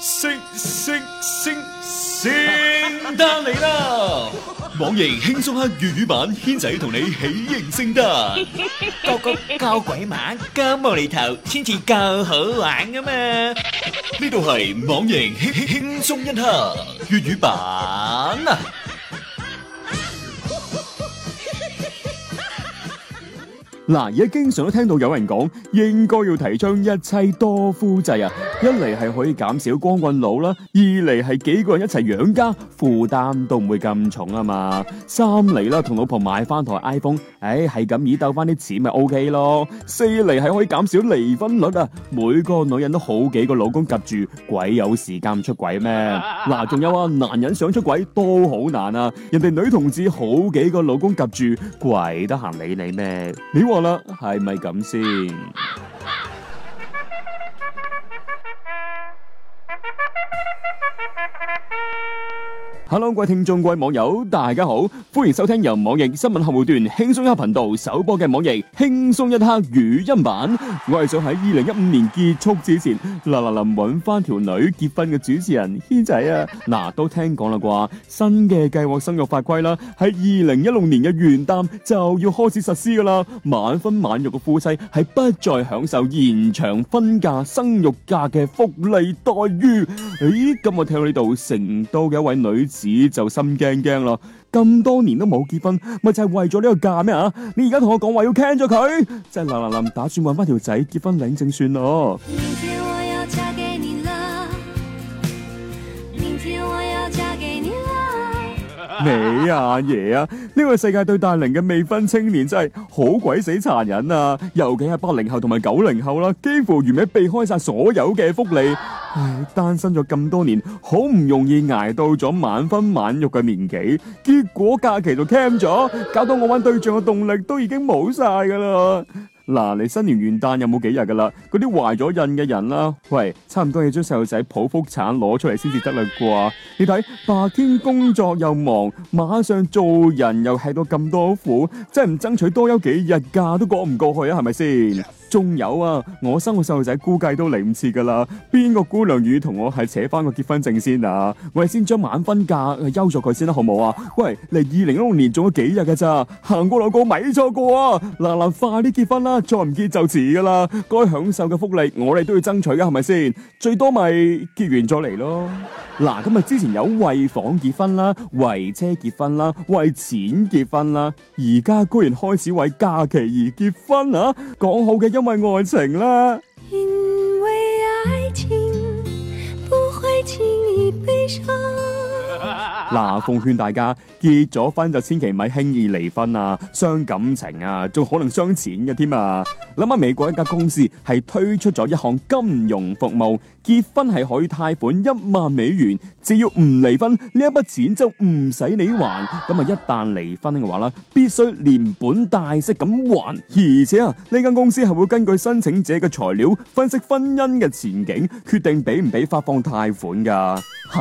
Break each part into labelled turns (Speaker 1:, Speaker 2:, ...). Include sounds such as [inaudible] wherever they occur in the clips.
Speaker 1: 聖聖聖聖誕嚟啦！網易輕鬆黑粵語版，軒仔同你喜迎聖誕，夠夠夠鬼馬，夠無厘頭，先至夠好玩啊嘛！呢度係網易輕輕鬆一刻粵語版啊！嗱，而家經常都聽到有人講，應該要提倡一妻多夫制啊！一嚟係可以減少光棍佬啦，二嚟係幾個人一齊養家，負擔都唔會咁重啊嘛，三嚟啦，同老婆買翻台 iPhone，誒、哎，係咁以斗翻啲錢咪 OK 咯，四嚟係可以減少離婚率啊！每個女人都好幾個老公夾住，鬼有時間出軌咩？嗱、啊，仲有啊，男人想出軌都好難啊，人哋女同志好幾個老公夾住，鬼得閒理你咩？哎啊啊？你話？係咪咁先？Well, Hello 各位聽眾、各位網友，大家好，歡迎收聽由網易新聞客戶端輕鬆一刻頻道首播嘅網易輕鬆一刻語音版。我係想喺二零一五年結束之前，嗱嗱臨搵翻條女結婚嘅主持人軒仔啊！嗱，都聽講啦啩，新嘅計劃生育法規啦，喺二零一六年嘅元旦就要開始實施噶啦。晚婚晚育嘅夫妻係不再享受延長婚假、生育假嘅福利待遇。誒，今日聽到呢度成都嘅一位女。就心驚驚咯，咁多年都冇結婚，咪就係為咗呢個假咩吓？你而家同我講話要 cancel 咗佢，真係嗱嗱臨，打算搵翻條仔結婚領證算咯。你阿爺啊，呢、啊，這個世界對大齡嘅未婚青年真係好鬼死殘忍啊！尤其係八零後同埋九零後啦，幾乎完美避開曬所有嘅福利。唉，單身咗咁多年，好唔容易捱到咗晚婚晚育嘅年紀，結果假期就 cut 咗，搞到我揾對象嘅動力都已經冇晒㗎啦。嗱，你新年元旦有冇幾日噶啦，嗰啲懷咗孕嘅人啦、啊，喂，差唔多要將細路仔剖腹產攞出嚟先至得嘞啩？你睇白天工作又忙，馬上做人又吃到咁多苦，真係唔爭取多休幾日假都過唔過去啊？係咪先？Yes. 仲有啊！我生個細路仔估計都嚟唔切噶啦，邊個姑娘願意同我係扯翻個結婚證先啊？我哋先將晚婚假休咗佢先啦，好唔好啊？喂，嚟二零一六年仲有幾日噶咋？行過路過咪錯過啊！嗱、啊、嗱、啊啊，快啲結婚啦，再唔結就遲噶啦！該享受嘅福利我哋都要爭取噶，係咪先？最多咪結完再嚟咯。嗱、 [laughs] 啊，今日之前有為房而婚啦，為車結婚啦，為錢結婚啦，而家居然開始為假期而結婚啊！講好嘅音。因為愛情啦。因為愛情不會輕易悲傷。嗱，奉勸大家結咗婚就千祈唔係輕易離婚啊，傷感情啊，仲可能傷錢嘅添啊。諗下美國一間公司係推出咗一項金融服務，結婚係可以貸款一萬美元，只要唔離婚，呢一筆錢就唔使你還。咁啊，一旦離婚嘅話啦，必須連本帶息咁還。而且啊，呢間公司係會根據申請者嘅材料分析婚姻嘅前景，決定俾唔俾發放貸款噶吓，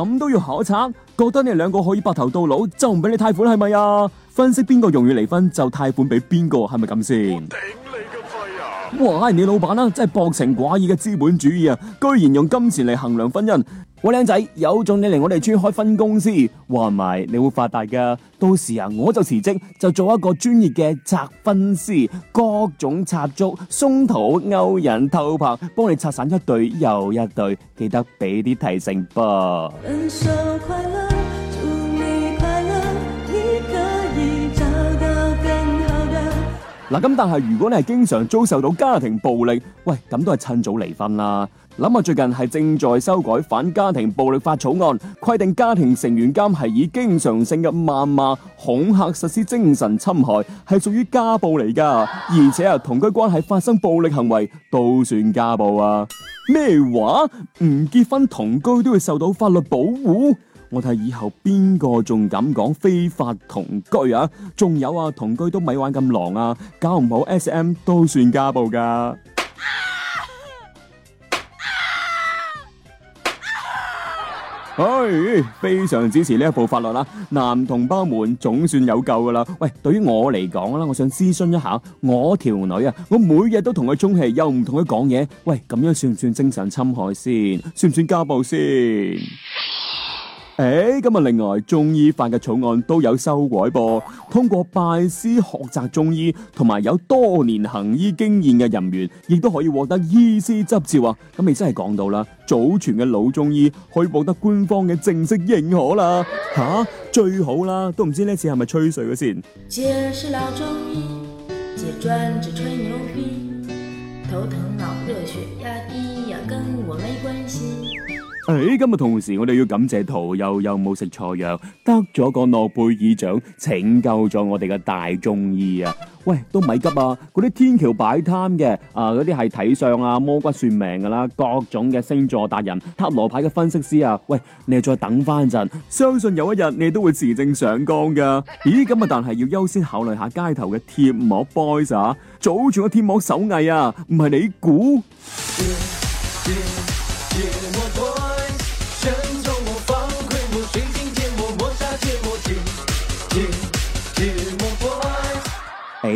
Speaker 1: 咁都要考察。覺得你兩個可以白頭到老，就唔俾你貸款係咪啊？分析邊個容易離婚就貸款俾邊個係咪咁先？頂你個肺啊！哇，你老闆啦，啊，真係薄情寡義嘅資本主義啊！居然用金錢嚟衡量婚姻。喂靚仔，有種你嚟我哋村開分公司，話唔埋你會發達噶。到時啊，我就辭職，就做一個專業嘅拆分師，各種插足、鬆土、勾引、偷拍，幫你拆散一對又一對。記得俾啲提醒噃。分手快樂，祝你快樂，你可以找到更好嘅。嗱，咁、啊、但係如果你係經常遭受到家庭暴力，喂，咁都係趁早離婚啦。諗下最近係正在修改反家庭暴力法草案，規定家庭成員間係以經常性嘅謾罵、恐嚇實施精神侵害，係屬於家暴嚟噶。而且啊，同居關係發生暴力行為都算家暴啊！咩話？唔結婚同居都會受到法律保護？我睇以後邊個仲敢講非法同居啊？仲有啊，同居都咪玩咁狼啊，搞唔好 SM 都算家暴噶。唉，hey, 非常支持呢一部法律啦，啊，男同胞們總算有救㗎喇！喂，對於我嚟講啦，我想諮詢一下，我條女啊，我每日都同佢充氣，又唔同佢講嘢，喂，咁樣算唔算精神侵害先？算唔算家暴先？誒，咁啊，哎，另外中醫法嘅草案都有修改噃，通過拜師學習中醫同埋有多年行醫經驗嘅人員，亦都可以獲得醫師執照啊！咁你真係講到啦，祖傳嘅老中醫可以獲得官方嘅正式認可啦，吓，啊，最好啦，都唔知呢次係咪吹水嘅先。專治吹牛逼頭疼腦熱血。誒，今日同時我哋要感謝屠呦呦冇食錯藥，得咗個諾貝爾獎，拯救咗我哋嘅大中醫啊！喂，都咪急啊！嗰啲天橋擺攤嘅，啊嗰啲係睇相啊、摸骨算命噶啦，各種嘅星座達人、塔羅牌嘅分析師啊！喂，你再等翻陣，相信有一日你都會持證上崗噶。咦，咁啊，但係要優先考慮下街頭嘅貼膜 boys 啊，祖傳嘅貼膜手藝啊，唔係你估。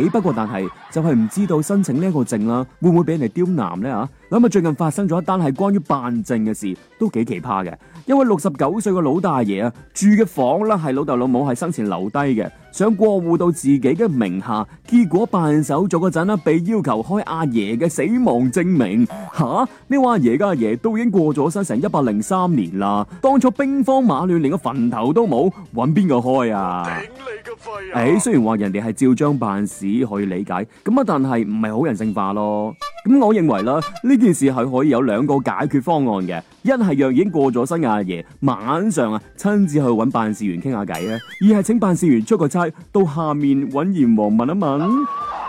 Speaker 1: 只不過但，但係就係、是、唔知道申請呢一個證啦，會唔會俾人哋刁難咧吓？諗下最近發生咗一單係關於辦證嘅事，都幾奇葩嘅。一位六十九歲嘅老大爺啊，住嘅房啦係老豆老母喺生前留低嘅。想過戶到自己嘅名下，結果辦手續嗰陣咧，被要求開阿爺嘅死亡證明。吓，呢位阿爺家阿爺都已經過咗身成一百零三年啦，當初兵荒馬亂連個墳頭都冇，揾邊個開啊？頂你個肺啊！誒、欸，雖然話人哋係照章辦事可以理解，咁啊，但係唔係好人性化咯。咁我認為啦，呢件事係可以有兩個解決方案嘅。一係讓已經過咗身嘅阿爺晚上啊親自去揾辦事員傾下偈啦，二係請辦事員出個差到下面揾閻王問一問。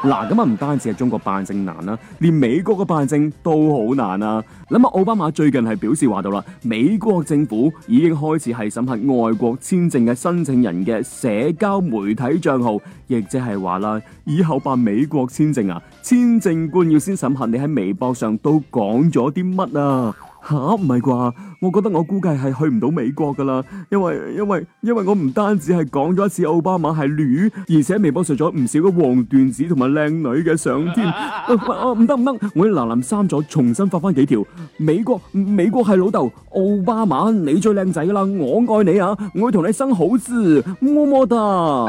Speaker 1: 嗱，咁 [noise] 啊唔單止係中國辦證難啦、啊，連美國嘅辦證都好難啊！諗下奧巴馬最近係表示話到啦，美國政府已經開始係審核外國簽證嘅申請人嘅社交媒體賬號，亦即係話啦，以後辦美國簽證啊，簽證官要先審核你喺微博上都講咗啲乜啊！吓，唔係啩？我覺得我估計係去唔到美國噶啦，因為因為因為我唔單止係講咗一次奧巴馬係女，而且微博上咗唔少嘅黃段子同埋靚女嘅相添。唔得唔得，我要嗱臨刪咗，重新發翻幾條。美國美國係老豆，奧巴馬你最靚仔噶啦，我愛你啊，我要同你生好字。麼麼噠。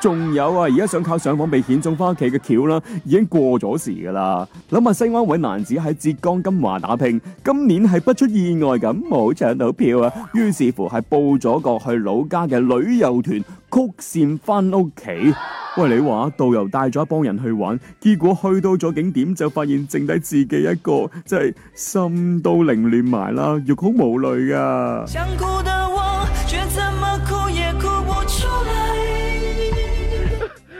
Speaker 1: 仲有啊，而家想靠上訪被遣送翻屋企嘅橋啦，已經過咗時噶啦。諗下西安一位男子喺浙江金華打拼，今年係不出意外咁冇搶到票啊，於是乎係報咗個去老家嘅旅遊團曲線翻屋企。喂，你話，導遊帶咗一幫人去玩，結果去到咗景點就發現剩低自己一個，真係心都凌亂埋啦，欲哭無淚噶、啊。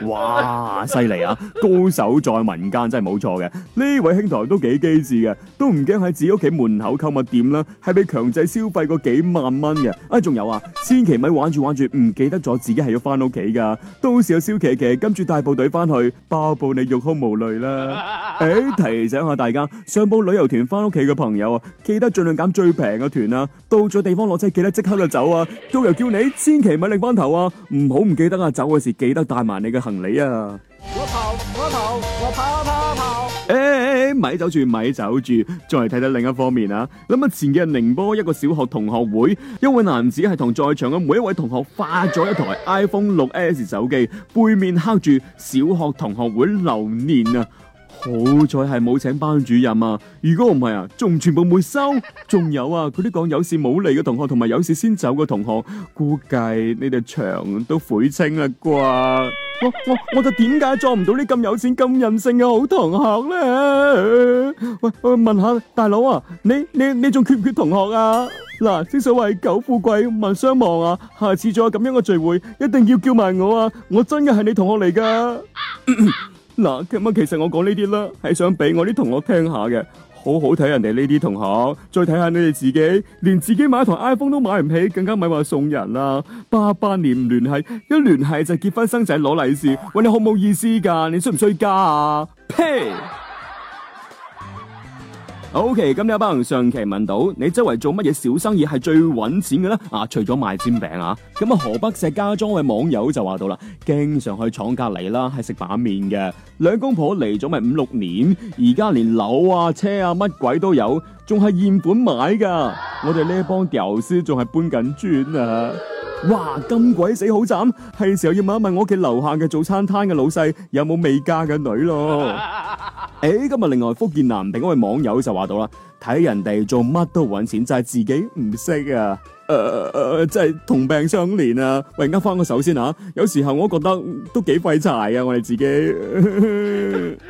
Speaker 1: 哇，犀利啊！高手在民間真係冇錯嘅。呢位兄台都幾機智嘅，都唔驚喺自己屋企門口購物店啦，係畀強制消費過幾萬蚊嘅。啊、哎，仲有啊，千祈咪玩住玩住唔記得咗自己係要翻屋企噶，到時有蕭琪琪跟住帶部隊翻去，包保你欲哭無淚啦。誒、哎，提醒下大家，上報旅遊團翻屋企嘅朋友啊，記得盡量揀最平嘅團啊。到咗地方落車記得即刻就走啊，導遊叫你千祈咪擰翻頭啊，唔好唔記得啊，走嗰時記得帶埋你嘅行、啊、我跑我跑我跑跑跑跑！誒誒，咪、欸欸、走住咪走住，再睇睇另一方面啊！諗下前日寧波一個小學同學會，一位男子係同在場嘅每一位同學發咗一台 iPhone 六 S 手機，背面刻住「小學同學會留念」啊！好彩係冇請班主任啊！如果唔係啊，仲全部沒收。仲有啊，佢啲講有事冇嚟嘅同學，同埋有，有事先走嘅同學，估計呢條腸都悔青啦啩！我我我就點解撞唔到呢啲咁有錢、咁任性嘅好同學咧？喂，我、呃、問下大佬啊，你你你仲缺唔缺同學啊？嗱，正所謂狗富貴，萬相望啊！下次再有咁樣嘅聚會，一定要叫埋我啊！我真嘅係你同學嚟噶。咳咳嗱，咁啊，其實我講呢啲啦，係想俾我啲同學聽下嘅，好好睇人哋呢啲同學，再睇下你哋自己，連自己買一台 iPhone 都買唔起，更加咪係話送人啦，八八年唔聯繫，一聯繫就結婚生仔攞利是，喂，你好冇意思噶，你需唔需加啊？呸！Ok，咁有班人上期問到你周圍做乜嘢小生意係最揾錢嘅咧？啊，除咗賣煎餅啊，咁啊河北石家莊嘅網友就話到啦，經常去廠隔籬啦，係食板麵嘅。兩公婆嚟咗咪五六年，而家連樓啊、車啊乜鬼都有，仲係現款買噶。我哋呢一幫屌絲仲係搬緊磚啊！哇，咁鬼死好慘，係時候要問一問我屋企樓下嘅早餐攤嘅老細有冇未嫁嘅女咯。誒、欸，今日另外福建南平一位網友就話到啦，睇人哋做乜都揾錢，就係、是、自己唔識啊，誒、呃、誒，即、呃、係同病相憐啊，喂，而家翻個手先吓，有時候我都覺得都幾費柴噶，我哋自己。 [laughs]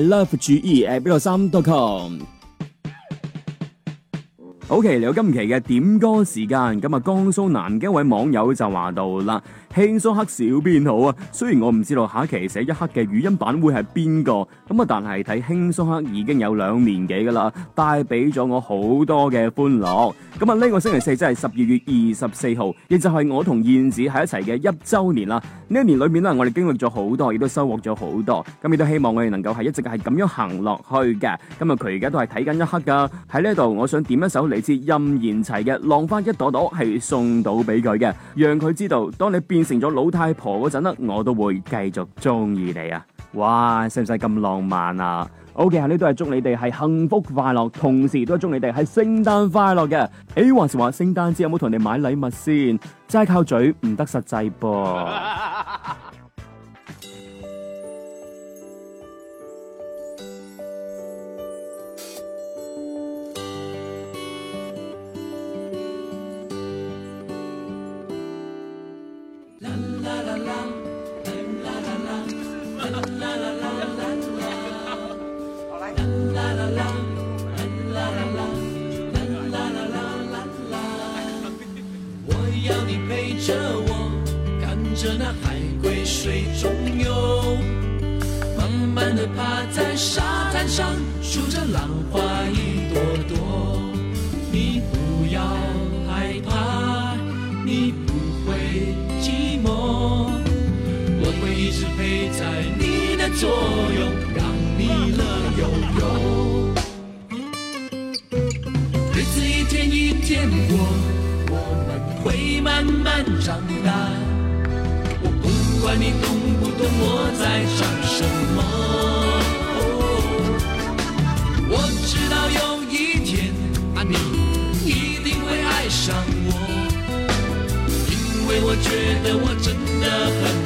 Speaker 1: lovegeatblog .com，OK，嚟到今期嘅點歌時間，咁啊，江蘇南京一位網友就話到啦。輕鬆黑小編好啊，雖然我唔知道下一期寫一刻嘅語音版會係邊個，咁啊，但係睇輕鬆黑已經有兩年幾噶啦，帶俾咗我好多嘅歡樂。咁、嗯、啊、呢、這個星期四即係十二月二十四號，亦就係我同燕子喺一齊嘅一周年啦。呢一年裏面呢，我哋經歷咗好多，亦都收穫咗好多。咁亦都希望我哋能夠係一直係咁樣行落去嘅。咁啊，佢而家都係睇緊一刻噶，喺呢度我想點一首嚟自任賢齊嘅《浪花一朵朵》係送到俾佢嘅，讓佢知道當你變。成咗老太婆嗰陣咧，我都會繼續中意你啊！哇，使唔使咁浪漫啊？OK，呢度都係祝你哋係幸福快樂，同時都係祝你哋係聖誕快樂嘅。誒、欸，話時話聖誕節有冇同你哋買禮物先？齋靠嘴唔得實際噃、啊。 [laughs] 作用，讓你樂悠悠。日子一天一天過，我們會慢慢長大。我不管你懂不懂我在唱什麼，我知道有一天啊，你一定會愛上我，因為我覺得我真的很。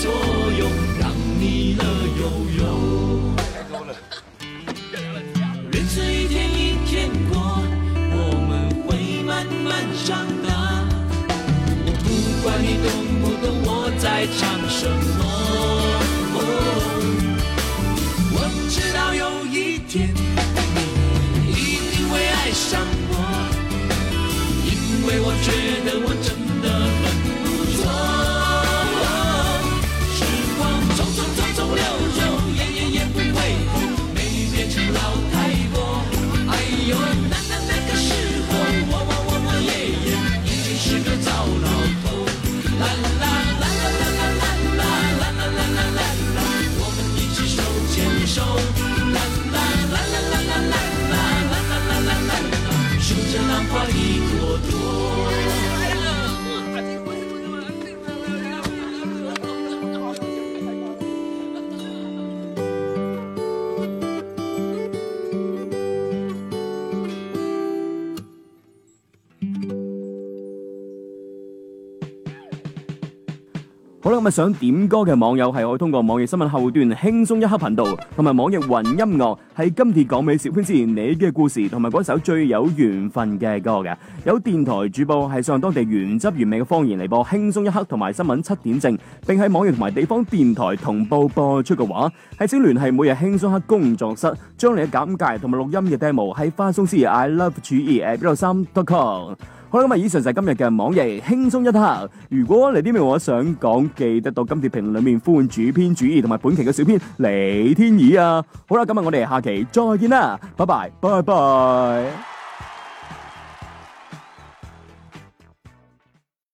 Speaker 1: 作用，讓你樂悠悠。日子一天一天過，我們會慢慢長大。我不管你懂不懂我在唱什麼，我知道有一天你一定會愛上我，因為我覺得我真。好啦，咁，想點歌嘅網友係可以通過網易新聞客戶端輕鬆一刻頻道同埋網易雲音樂，喺今次講畀小編之前你嘅故事同埋嗰首最有緣分嘅歌嘅。有電台主播係上當地原汁原味嘅方言嚟播輕鬆一刻同埋新聞七點正，並喺網易同埋地方電台同步播出嘅話，係請聯繫每日輕鬆一刻工作室，將你嘅簡介同埋錄音嘅 demo 喺發送至 i love zhuyi at some dot com。好啦，咁啊，以上就係今日嘅網易輕鬆一刻。如果你啲咩我想講，記得到今次評論裏面呼喚主編、主義同埋本期嘅小編李天意啊。好啦，今日我哋下期再見啦，拜拜，拜拜。